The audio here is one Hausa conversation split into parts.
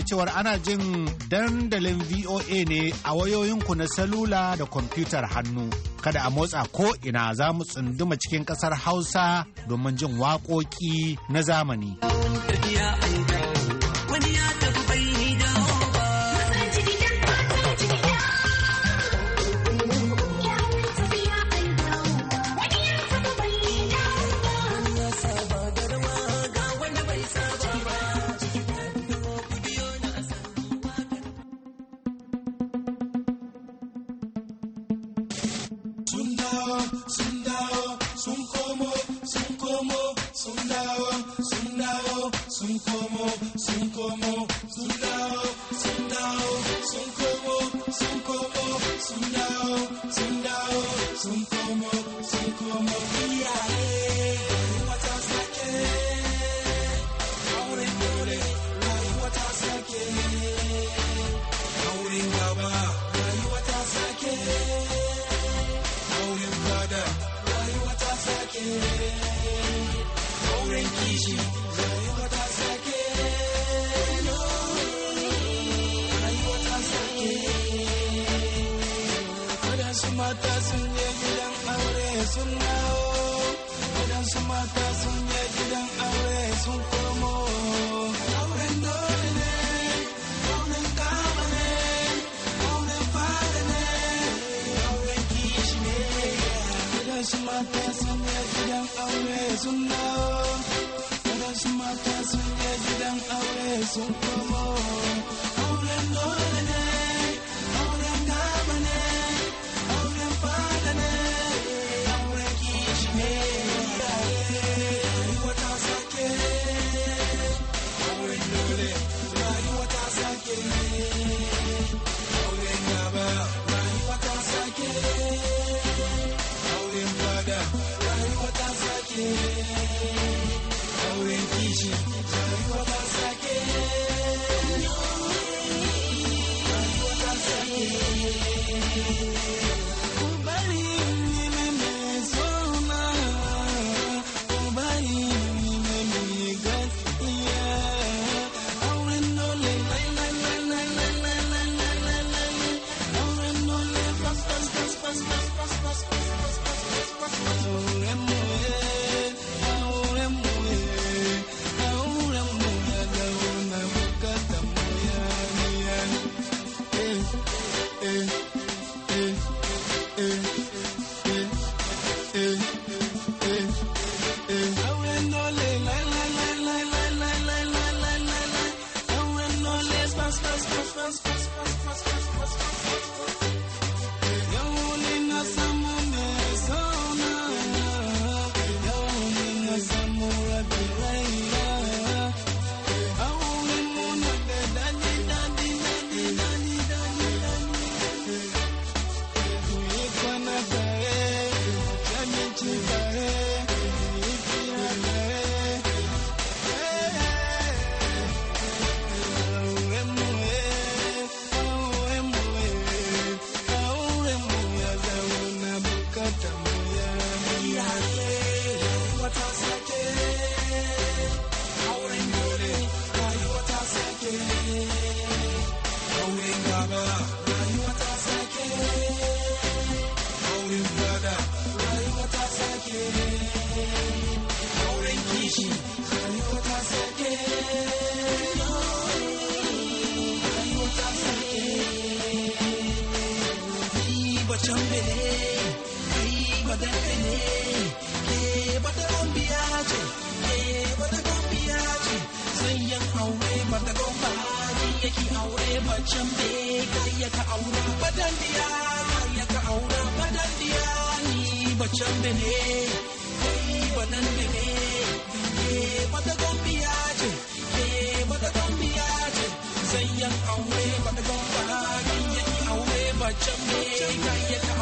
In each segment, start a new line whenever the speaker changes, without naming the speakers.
da cewar ana jin dandalin VOA ne a wayoyinku na salula da kwamfutar hannu. Kada a motsa ko ina za mu tsunduma cikin ƙasar Hausa domin jin waƙoƙi na zamani. como wasu mata sun yi gidan aure sun komo auren dole ne auren kama ne auren fada ne auren kishi ne wadansu mata sun yi gidan aure sun komo soyayyen aure mata gomba ni yake aure macen be kai ya ka aura badan diya ya ka aura badan diya ni macen be ne kai badan be ne ke mata gombiya ce ke mata gombiya ce zayyan aure mata gomba ni yake aure macen be kai ya ka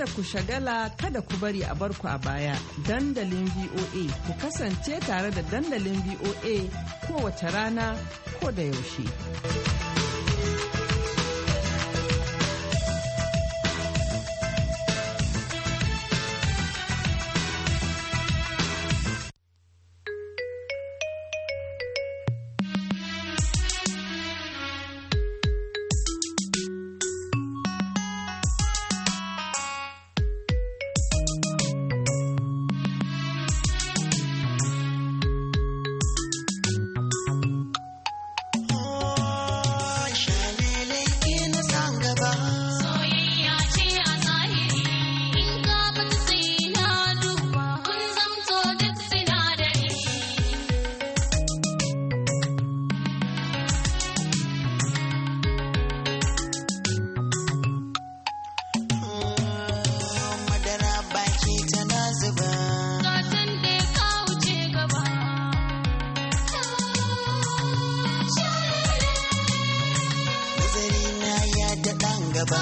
kada ku shagala kada ku bari a barku a baya dandalin VOA ku kasance tare da dandalin VOA kowace rana ko da yaushe. gaba.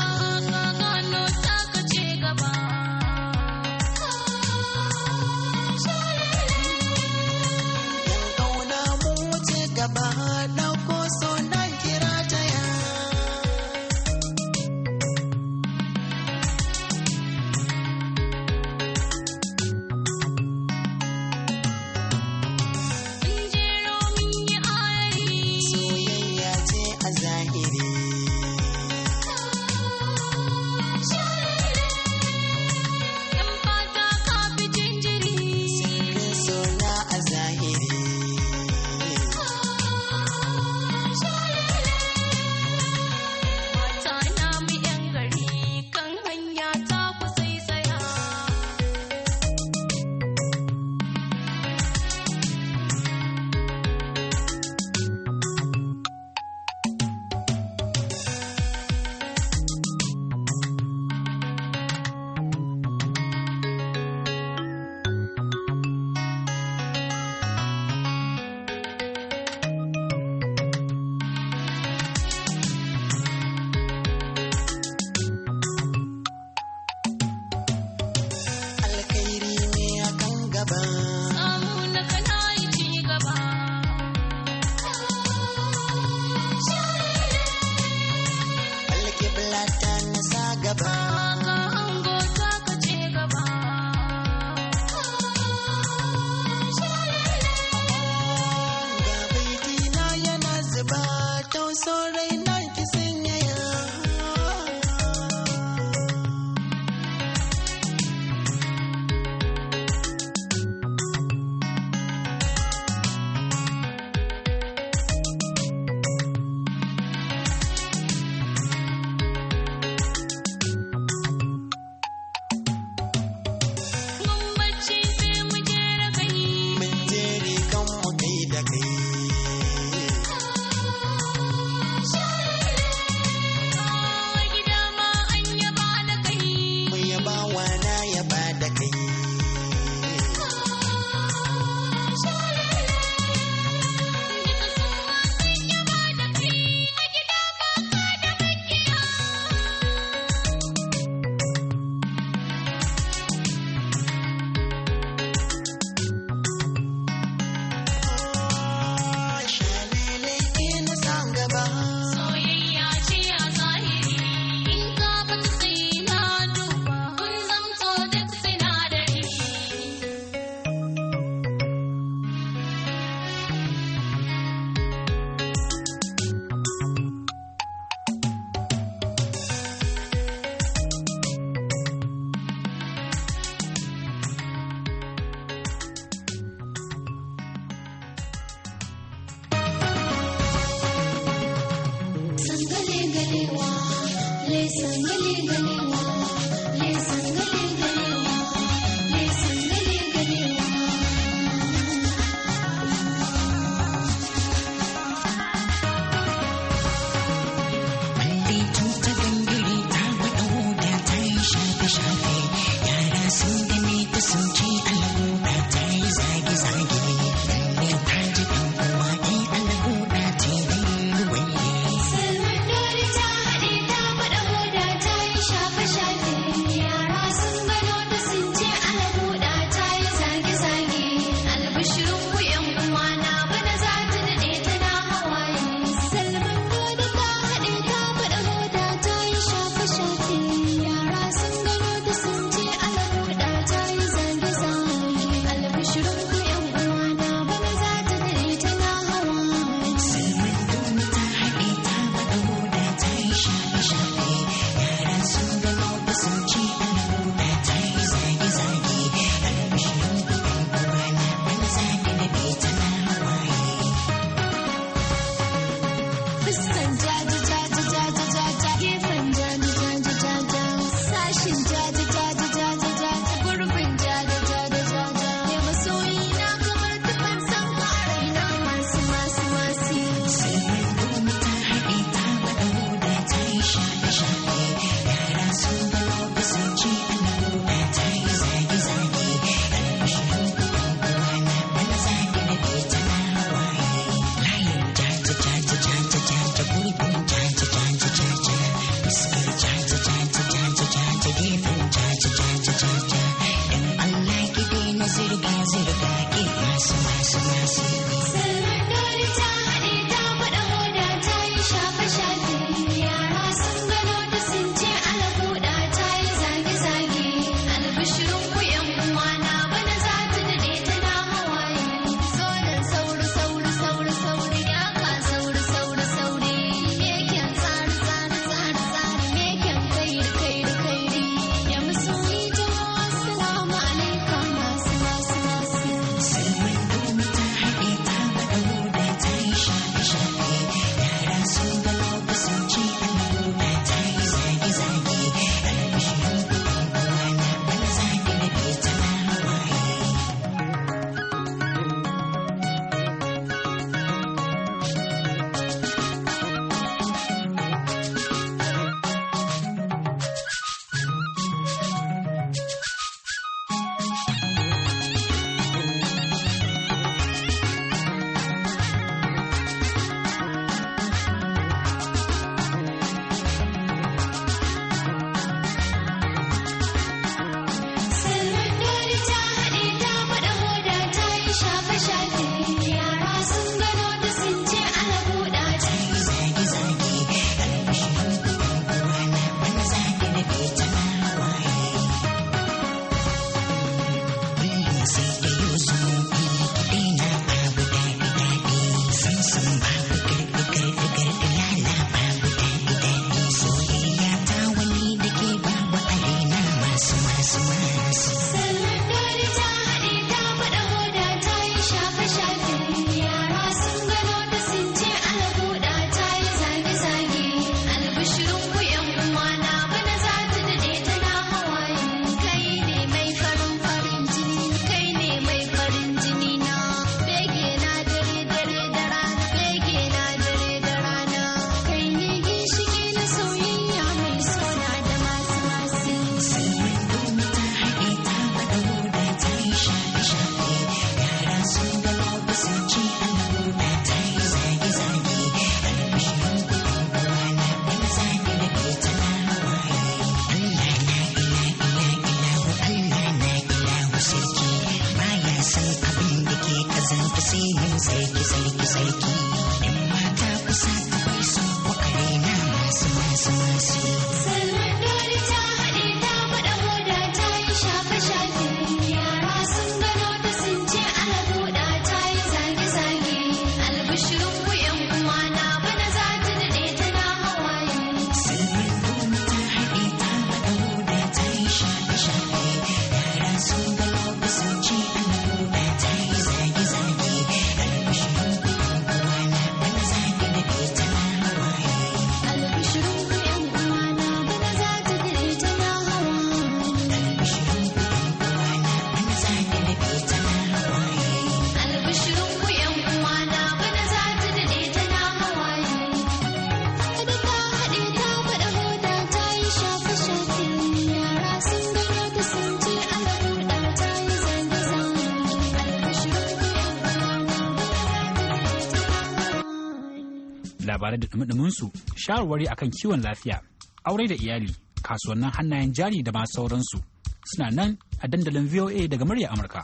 labarai da dumudumin su shawarwari akan kiwon lafiya aure da iyali kasuwannin hannayen jari da ma sauransu suna nan a dandalin voa daga murya amurka.